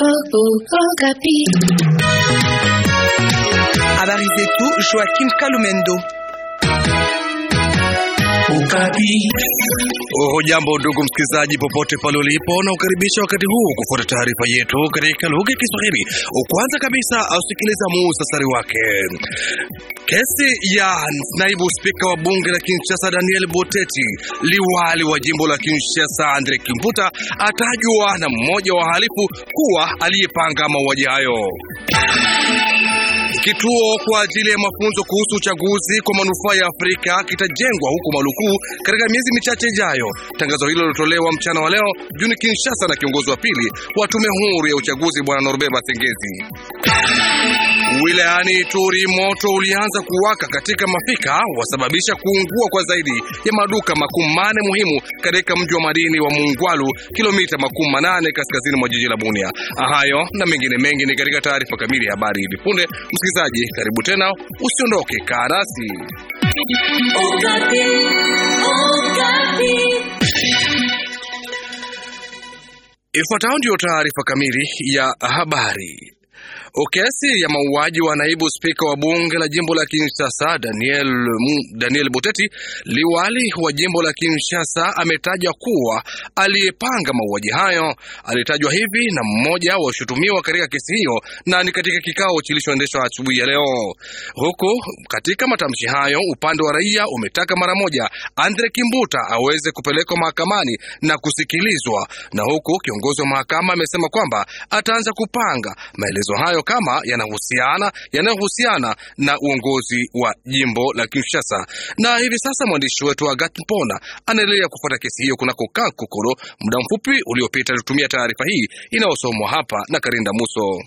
oh, oh, oh, Kapi. Joachim Hujambo ndugu msikilizaji, popote pale ulipo, na ukaribisha wakati huu kufuata taarifa yetu katika lugha ya Kiswahili. Kwanza kabisa ausikiliza muhtasari wake. Kesi ya naibu spika wa bunge la Kinshasa Daniel Boteti, liwali wa jimbo la Kinshasa Andre Kimputa atajwa na mmoja wa halifu kuwa aliyepanga mauaji hayo. Kituo kwa ajili ya mafunzo kuhusu uchaguzi kwa manufaa ya Afrika kitajengwa huko Maluku katika miezi michache ijayo. Tangazo hilo lilotolewa mchana wa leo juni Kinshasa na kiongozi wa pili wa tume huru ya uchaguzi Bwana Norbert Basengezi. Wilayani Ituri moto ulianza kuwaka katika mafika wasababisha kuungua kwa zaidi ya maduka makumi muhimu katika mji wa madini wa Mungwalu, kilomita makumi manane kaskazini mwa jiji la Bunia. Hayo na mengine mengi ni katika taarifa kamili ya habari hivi punde. Msikilizaji, karibu tena, usiondoke, kaa nasi. Ifuatayo ndiyo taarifa kamili ya habari. Kesi ya mauaji wa naibu spika wa bunge la jimbo la Kinshasa Daniel, Daniel Buteti, liwali wa jimbo la Kinshasa, ametaja kuwa aliyepanga mauaji hayo. Alitajwa hivi na mmoja wa washutumiwa katika kesi hiyo, na ni katika kikao kilichoendeshwa asubuhi ya leo. Huku katika matamshi hayo, upande wa raia umetaka mara moja Andre Kimbuta aweze kupelekwa mahakamani na kusikilizwa, na huku kiongozi wa mahakama amesema kwamba ataanza kupanga maelezo hayo kama yanahusiana yanayohusiana na uongozi wa jimbo la Kinshasa. Na hivi sasa mwandishi wetu Agat Mpona anaendelea kufuata kesi hiyo kunako kokoro Muda mfupi uliopita alitumia taarifa hii inayosomwa hapa na Karinda Muso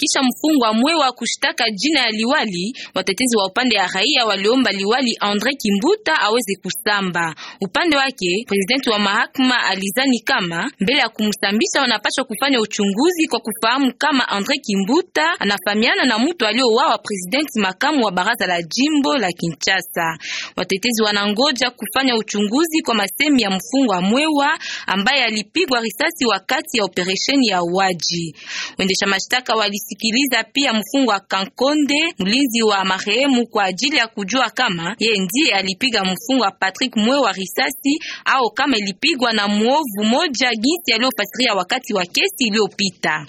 kisha mfungwa mwe wa kushtaka jina ya liwali. Watetezi wa upande ya raia waliomba liwali Andre Kimbuta aweze kusamba. Upande wake presidenti wa mahakama alizani kama mbele ya kumsambisha wanapaswa kufanya uchunguzi kwa kufahamu kama Andre Kimbuta anafamiana na mtu aliyouawa presidenti makamu wa baraza la jimbo la Kinshasa. Watetezi wanangoja kufanya uchunguzi kwa masemi ya mfungwa mwewa ambaye alipigwa risasi wakati ya operesheni ya waji Wendesha mashtaka wali kusikiliza pia mfungwa Kankonde, mlinzi wa marehemu, kwa ajili ya kujua kama ye ndiye alipiga mfungwa Patrick mwe wa risasi au kama ilipigwa na muovu moja, jinsi aliyofasiria wakati wa kesi iliyopita.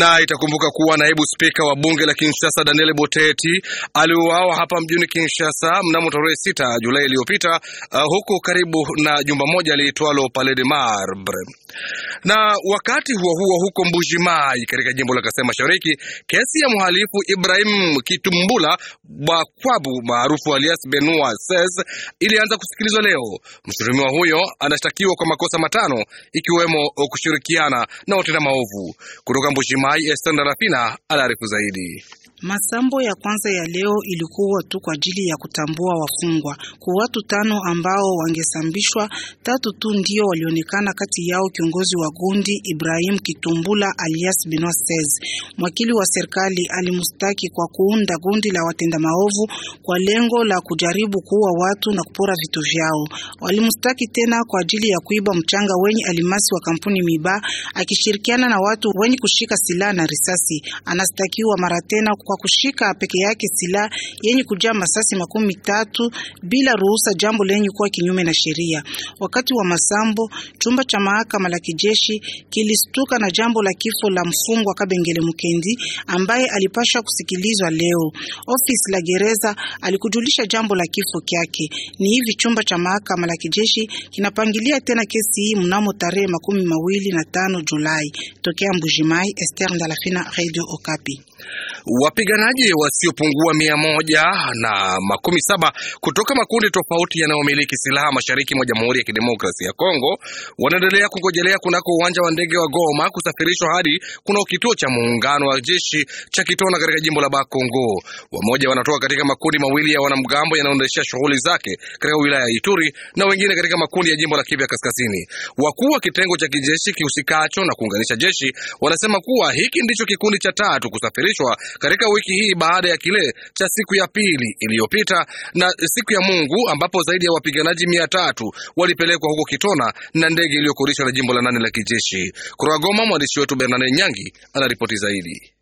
Na itakumbuka kuwa naibu spika wa bunge la Kinshasa Daniel Boteti aliuawa hapa mjini Kinshasa mnamo tarehe sita Julai iliyopita, uh, huku karibu na jumba moja liitwalo Palais de Marbre. Na wakati huo huo, huko Mbujimai katika jimbo la Kasai Mashariki, kesi ya mhalifu Ibrahim Kitumbula Bwakwabu maarufu alias Benua Sez ilianza kusikilizwa leo. Mshutumiwa huyo anashtakiwa kwa makosa matano ikiwemo kushirikiana na watenda maovu kutoka kutoka Mbujimayi, Esther Ndarafina anaarifu zaidi. Masambo ya kwanza ya leo ilikuwa tu kwa ajili ya kutambua wafungwa. Kwa watu tano ambao wangesambishwa, tatu tu ndio walionekana, kati yao kiongozi wa gundi Ibrahim Kitumbula alias Benoit Mwakili wa serikali alimstaki kwa kuunda gundi la watenda maovu kwa lengo la kujaribu kuua watu na kupora vitu vyao. Walimstaki tena kwa ajili ya kuiba mchanga wenye alimasi wa kampuni Miba akishirikiana na watu wenye kushika silaha na risasi. Anastakiwa mara tena kwa kwa kushika peke yake silaha yenye kujaa masasi makumi tatu bila ruhusa, jambo lenye kuwa kinyume na sheria. Wakati wa masambo, chumba cha mahakama la kijeshi kilistuka na jambo la kifo la mfungwa Kabengele Mukendi ambaye alipashwa kusikilizwa leo. Ofisi la gereza alikujulisha jambo la kifo kyake. Ni hivi chumba cha mahakama la kijeshi kinapangilia tena kesi hii mnamo tarehe makumi mawili na tano Julai. Tokea Mbujimai, Esther Ndalafina, Radio Okapi. Wapiganaji wasiopungua mia moja na makumi saba kutoka makundi tofauti yanayomiliki silaha mashariki mwa Jamhuri ya Kidemokrasia ya Kongo wanaendelea kungojelea kunako uwanja wa ndege wa Goma kusafirishwa hadi kuna kituo cha muungano wa jeshi cha Kitona katika jimbo la Bakongo. Wamoja wanatoka katika makundi mawili ya wanamgambo yanayoendesha shughuli zake katika wilaya ya Ituri na wengine katika makundi ya jimbo la Kivu Kaskazini. Wakuu wa kitengo cha kijeshi kihusikacho na kuunganisha jeshi wanasema kuwa hiki ndicho kikundi cha tatu kusafiri kuahirishwa katika wiki hii baada ya kile cha siku ya pili iliyopita na siku ya Mungu ambapo zaidi ya wapiganaji mia tatu walipelekwa huko Kitona na ndege iliyokurishwa na jimbo la nane la kijeshi. Kutoka Goma, mwandishi wetu Bernard Nyangi anaripoti zaidi.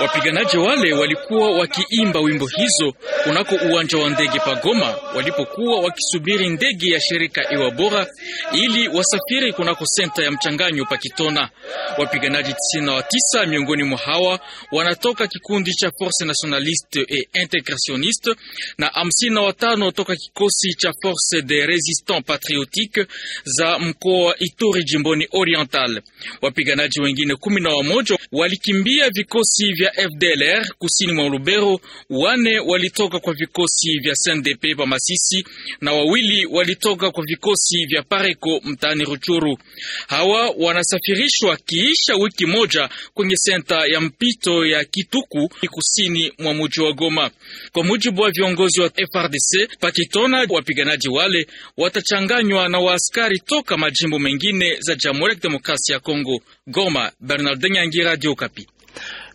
Wapiganaji wale walikuwa wakiimba wimbo hizo kunako uwanja wa ndege Pagoma walipokuwa wakisubiri ndege ya shirika Ewa Bora ili wasafiri kunako senta ya mchanganyo Pakitona. Wapiganaji 99 miongoni mwa hawa wanatoka kikundi cha Force Nationaliste et Integrationiste na 55 toka kikosi cha Force des Resistants Patriotiques za mkoa wa Ituri jimboni Oriental. Wapiganaji wengine kumi kumi na wamoja walikimbia vikosi vya FDLR kusini mwa Lubero, wane walitoka kwa vikosi vya CNDP pa Masisi na wawili walitoka kwa vikosi vya Pareko mtaani Ruchuru. Hawa wanasafirishwa kiisha wiki moja kwenye senta ya mpito ya Kituku kusini mwa muji wa Goma. Kwa mujibu wa viongozi wa FRDC pakitona, wapiganaji wale watachanganywa na waaskari toka majimbo mengine za Jamhuri ya Kidemokrasia ya Kongo. Goma, Bern Ronaldin Nyangira, Radio Kapi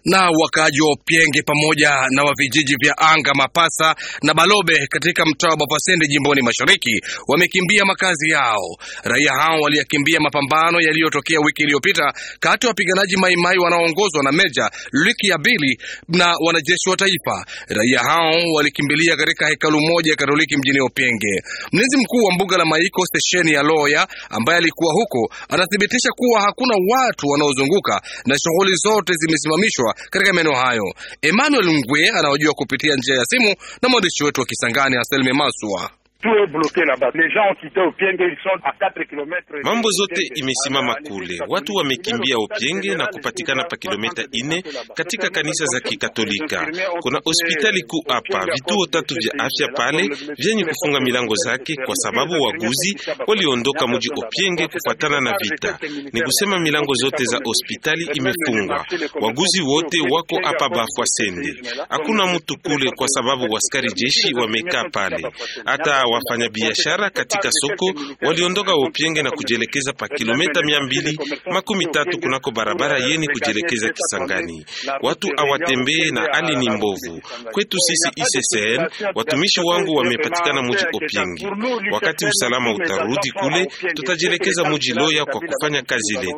na wakaaji wa Opyenge pamoja na wa vijiji vya Anga, Mapasa na Balobe katika mtaa wa Bapasende jimboni Mashariki wamekimbia makazi yao. Raia hao waliyakimbia mapambano yaliyotokea wiki iliyopita kati ya wapiganaji Maimai wanaoongozwa na Meja Luki bili na wanajeshi wa taifa. Raia hao walikimbilia katika hekalu moja ya Katoliki mjini Opyenge. Mlinzi mkuu wa mbuga la Maiko stesheni ya Loya ambaye alikuwa huko anathibitisha kuwa hakuna watu wanaozunguka na shughuli zote zimesimamishwa katika maeneo hayo. Emmanuel Ngwe anaojua kupitia njia ya simu na mwandishi wetu wa Kisangani Anselme Maswa. Tout est bloqué là-bas. Les gens ont ils sont à 4 km. Mambo zote imesimama kule, watu wamekimbia Opienge na kupatikana pa kilomita ine katika kanisa za Kikatolika. Kuna hospitali kuu hapa, vituo tatu vya afya pale vyenye kufunga milango zake kwa sababu waguzi waliondoka muji Opienge kufuatana na vita. Ni kusema milango zote za hospitali imefungwa, waguzi wote wako hapa Sende, Hakuna mtu kule kwa sababu waskari jeshi wamekaa pale hata wafanyabiashara katika soko waliondoka Opyenge na kujielekeza pa kilomita mia mbili makumi tatu kunako barabara yeni kujielekeza Kisangani. Watu awatembee na hali ni mbovu kwetu sisi ICCN. Watumishi wangu wamepatikana muji Opyenge. Wakati usalama utarudi kule, tutajielekeza muji Loya kwa kufanya kazi le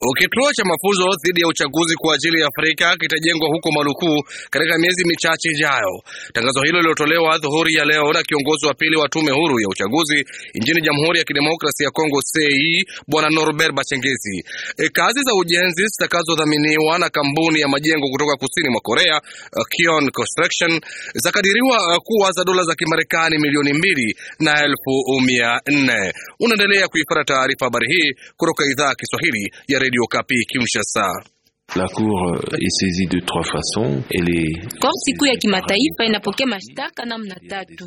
Kituo cha mafunzo dhidi ya uchaguzi kwa ajili ya Afrika kitajengwa huko Maluku katika miezi michache ijayo. Tangazo hilo lilotolewa dhuhuri ya leo na kiongozi wa pili wa tume huru ya uchaguzi nchini Jamhuri ya Kidemokrasia ya Kongo CEI, Bwana Norbert Bachengezi. E, kazi za ujenzi zitakazodhaminiwa na kampuni ya majengo kutoka kusini mwa Korea e, Kion Construction zakadiriwa e, kuwa za dola za Kimarekani milioni mbili na elfu mia nne. Unaendelea kuifuata taarifa habari hii kutoka idhaa ya Kiswahili ya Radio Kapi Kinshasa. La Cour euh, est saisie de trois façons. Comme Kuu ya Kimataifa inapokea mashtaka namna tatu.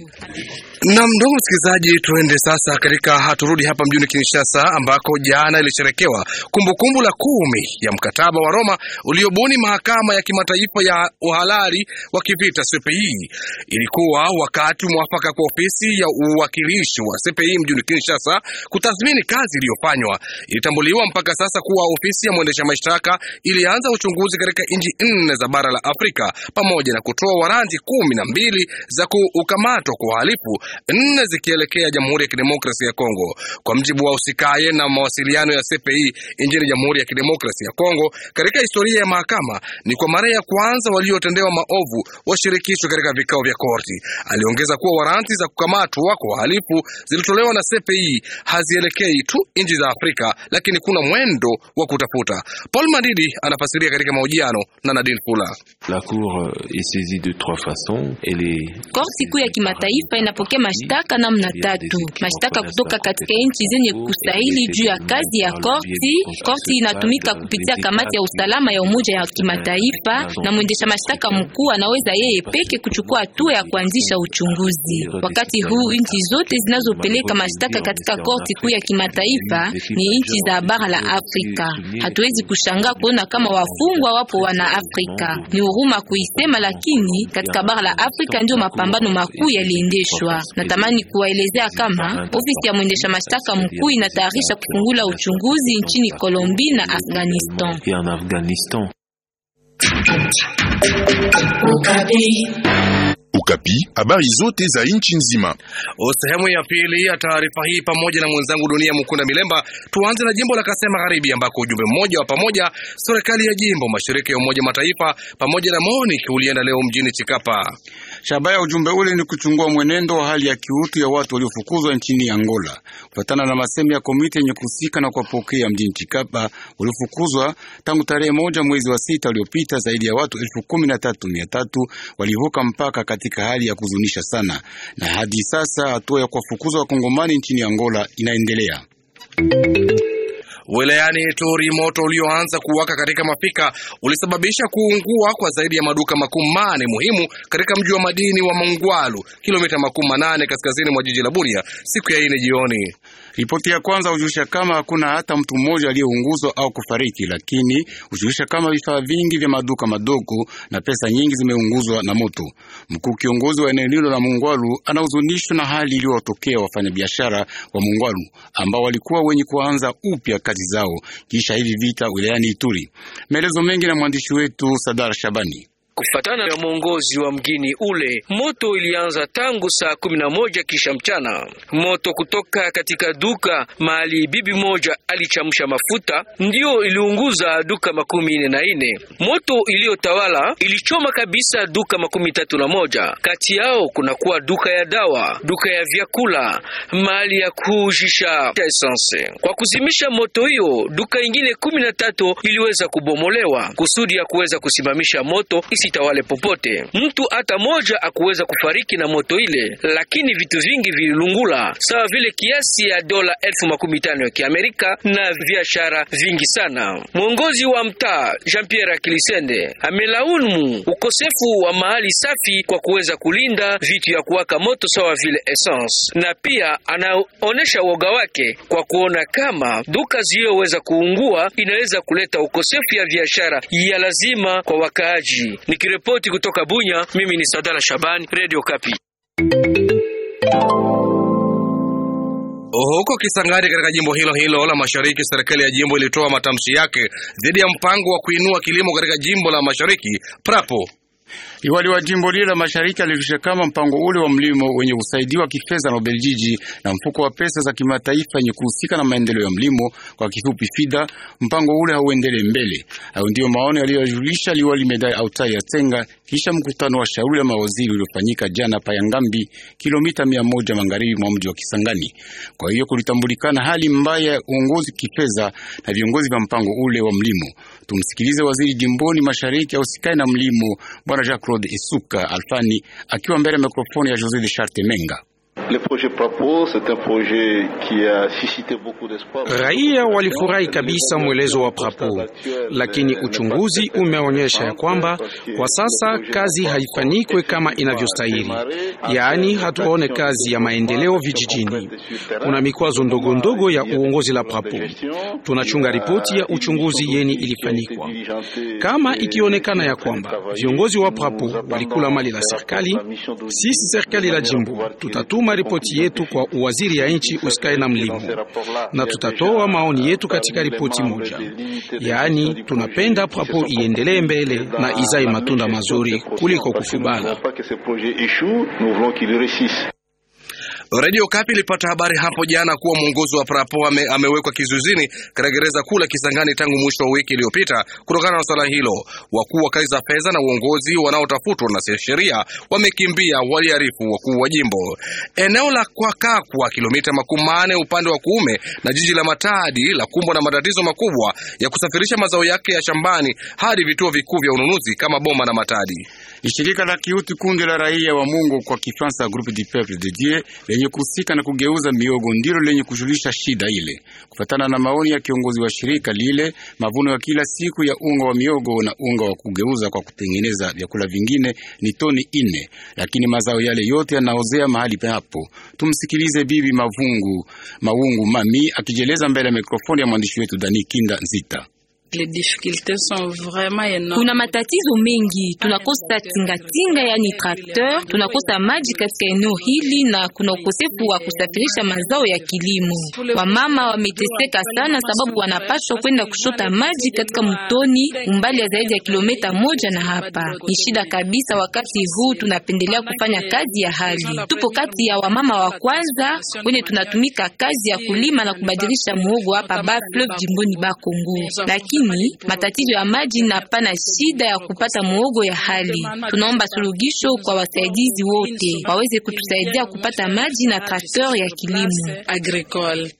Na mdogo msikilizaji, tuende sasa katika haturudi hapa mjini Kinshasa ambako jana ilisherekewa kumbukumbu la kumi ya mkataba wa Roma uliobuni mahakama ya kimataifa ya uhalali wa kivita CPI. E. Ilikuwa wakati mwafaka kwa ofisi ya uwakilishi wa CPI e mjini Kinshasa kutathmini kazi iliyofanywa. Ilitambuliwa mpaka sasa kuwa ofisi ya mwendesha mashtaka ili imeanza uchunguzi katika nchi nne za bara la Afrika pamoja na kutoa waranti kumi na mbili za kukamatwa kwa uhalifu, nne zikielekea Jamhuri ya Kidemokrasia ya Kongo, kwa mjibu wa usikaye na mawasiliano ya CPI nchini Jamhuri ya Kidemokrasia ya Kongo. Katika historia ya mahakama, ni kwa mara ya kwanza waliotendewa maovu washirikishwe katika vikao vya korti. Aliongeza kuwa waranti za kukamatwa kwa uhalifu zilitolewa na CPI hazielekei tu nchi za Afrika, lakini kuna mwendo wa kutafuta. Paul Madidi ana anafasiria katika mahojiano na Nadine Fula. La cour euh, est saisie de trois façons et les korti kuu ya kimataifa inapokea mashtaka namna tatu: mashtaka kutoka katika nchi zenye kustahili juu ya kazi ya korti. Korti inatumika kupitia kamati ya usalama ya Umoja ya Kimataifa, na mwendesha mashtaka mkuu anaweza yeye peke kuchukua hatua ya kuanzisha uchunguzi. Wakati huu nchi zote zinazopeleka mashtaka katika korti kuu ya kimataifa ni nchi za bara la Afrika. Hatuwezi kushangaa kuona kama wafungwa wapo wana Afrika. Ni huruma kuisema, lakini katika bara la Afrika ndio mapambano makuu yaliendeshwa. Natamani kuwaelezea kama ofisi ya mwendesha mashtaka mkuu inatayarisha kufungula uchunguzi nchini Kolombi na Afghanistan. Okapi. Habari zote za nchi nzima. Sehemu ya pili ya taarifa hii pamoja na mwenzangu Dunia Mukunda Milemba. Tuanze na jimbo la Kasema Magharibi ambako ujumbe mmoja wa pamoja, serikali ya jimbo, mashirika ya Umoja Mataifa pamoja na MONUC ulienda leo mjini Chikapa. Shabaha ya ujumbe ule ni kuchungua mwenendo wa hali ya kiutu ya watu waliofukuzwa nchini Angola, kufatana na masemi ya komiti yenye kuhusika na kuwapokea mjini Chikapa waliofukuzwa tangu tarehe moja mwezi wa sita uliopita. Zaidi ya watu elfu kumi na tatu mia tatu walivuka mpaka katika hali ya kuzunisha sana, na hadi sasa hatua ya kuwafukuza wakongomani nchini Angola inaendelea. Wilayani Tori, moto ulioanza kuwaka katika mafika ulisababisha kuungua kwa zaidi ya maduka makumi muhimu katika mji wa madini wa Mongwalu, kilomita makumi manane kaskazini mwa jiji la Bunia siku ya ine jioni. Ripoti ya kwanza hujulisha kama hakuna hata mtu mmoja aliyeunguzwa au kufariki, lakini hujulisha kama vifaa vingi vya maduka madogo na pesa nyingi zimeunguzwa na moto. Mkuu kiongozi wa eneo hilo la Mungwalu anahuzunishwa na hali iliyotokea wafanyabiashara wa Mungwalu ambao walikuwa wenye kuanza upya kazi zao kisha hivi vita wilayani Ituri. Maelezo mengi na mwandishi wetu Sadar Shabani. Kufatana na mwongozi wa mgini ule, moto ilianza tangu saa kumi na moja kisha mchana. Moto kutoka katika duka mahali bibi moja alichamsha mafuta ndiyo iliunguza duka makumi ine na ine. Moto iliyotawala ilichoma kabisa duka makumi tatu na moja. Kati yao kunakuwa duka ya dawa, duka ya vyakula, mahali ya kuujisha esanse. Kwa kuzimisha moto hiyo, duka ingine kumi na tatu iliweza kubomolewa kusudi ya kuweza kusimamisha moto sitawale popote, mtu hata moja akuweza kufariki na moto ile, lakini vitu vingi vililungula sawa vile kiasi ya dola elfu makumi tano ya Kiamerika na biashara vingi sana. Mwongozi wa mtaa Jean Pierre Akilisende amelaumu ukosefu wa mahali safi kwa kuweza kulinda vitu ya kuwaka moto sawa vile essence, na pia anaonesha woga wake kwa kuona kama duka ziliyoweza kuungua inaweza kuleta ukosefu ya biashara ya lazima kwa wakaaji. Nikiripoti kutoka Bunya, mimi ni Sadala Shabani, Radio Kapi. Huko Kisangani katika jimbo hilo hilo la Mashariki, serikali ya jimbo ilitoa matamshi yake dhidi ya mpango wa kuinua kilimo katika jimbo la Mashariki prapo Liwali wa jimbo lile la mashariki alijulisha kama mpango ule wa mlimo wenye kusaidiwa kifedha na Ubeljiji na mfuko wa pesa za kimataifa yenye kuhusika na maendeleo ya mlimo, kwa kifupi FIDA, mpango ule hauendele mbele. Hayo ndio maoni aliyojulisha liwali Medai Autai ya Tenga kisha mkutano wa shauri la mawaziri uliofanyika jana Payangambi, kilomita mia moja magharibi mwa mji wa Kisangani. Kwa hiyo kulitambulikana hali mbaya ya uongozi kifedha na viongozi vya mpango ule wa mlimo. Tumsikilize waziri jimboni mashariki ausikani na mlimo, bwana Jacques Claude Isuka Alfani akiwa mbele ya mikrofoni ya Jose de Charte Menga. Le projet c'est un projet qui a suscité beaucoup d'espoir. Raia walifurahi kabisa mwelezo wa Prapo, lakini uchunguzi umeonyesha ya kwamba kwa sasa kazi haifanyikwe kama inavyostahili, yaani hatuone kazi ya maendeleo vijijini. Kuna mikwazo ndogo ndogo ya uongozi la Prapo. Tunachunga ripoti ya uchunguzi yeni ilifanyikwa. Kama ikionekana ya kwamba viongozi wa Prapo walikula mali la serikali, sisi serikali la jimbo tutatuma tutatoa ripoti yetu kwa uwaziri ya nchi usikae na mlimo, na tutatoa maoni yetu katika ripoti moja. Yaani, tunapenda prapo iendelee mbele na izae matunda mazuri kuliko kufubala. Radio Kapi ilipata habari hapo jana kuwa mwongozi wa Prapo ame, amewekwa kizuizini katika gereza kuu la Kisangani tangu mwisho wa wiki iliyopita kutokana na swala hilo. Wakuu wa kazi za fedha na uongozi wanaotafutwa na sheria wamekimbia, waliarifu wakuu wa jimbo. Eneo la Kwakakwa, kilomita makumi manne upande wa kuume na jiji la Matadi, la kumbwa na matatizo makubwa ya kusafirisha mazao yake ya shambani hadi vituo vikuu vya ununuzi kama Boma na Matadi ni Shirika la kiuti kundi la raia wa Mungu kwa Kifaransa, Groupe du Peuple de Dieu, lenye kuhusika na kugeuza miogo ndilo lenye kujulisha shida ile. Kufatana na maoni ya kiongozi wa shirika lile, mavuno ya kila siku ya unga wa miogo na unga wa kugeuza kwa kutengeneza vyakula vingine ni toni ine, lakini mazao yale yote yanaozea mahali hapo. Tumsikilize Bibi Mavungu Maungu Mami akijeleza mbele ya mikrofoni ya mwandishi wetu Dani Kinda Nzita kuna matatizo mengi, tunakosa tingatinga, yani trakteur, tunakosa maji katika eneo hili na kuna ukosefu wa kusafirisha mazao ya kilimo. Wamama wameteseka sana, sababu wanapaswa kwenda kushota maji katika mtoni umbali ya zaidi ya kilomita moja na hapa. Ni shida kabisa. Wakati huu tunapendelea kufanya kazi ya hali, tupo kati ya wamama wa kwanza wenye tunatumika kazi ya kulima na kubadilisha muhogo hapa ba fleuve jimboni ba Kongo, lakini hali, matatizo ya maji na pana shida ya kupata muogo ya hali. Tunaomba suluhisho kwa wasaidizi wote waweze kutusaidia kupata maji na trakteur ya kilimo agricole.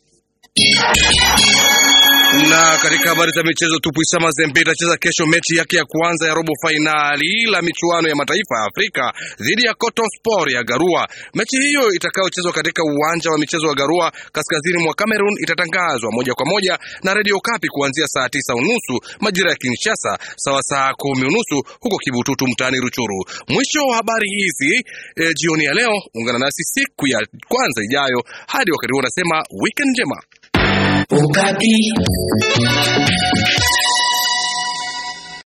Na katika habari za michezo, Tupuisama Zembe itacheza kesho mechi yake ya kwanza ya robo fainali la michuano ya mataifa ya Afrika dhidi ya Cotton Sport ya Garua. Mechi hiyo itakayochezwa katika uwanja wa michezo wa Garua kaskazini mwa Cameroon itatangazwa moja kwa moja na Radio Kapi kuanzia saa tisa unusu majira ya Kinshasa, sawa saa kumi unusu huko Kibututu mtaani Ruchuru. Mwisho wa habari hizi e, jioni ya leo. Ungana nasi siku ya kwanza ijayo. Hadi wakati huo, nasema weekend njema. O Gabi.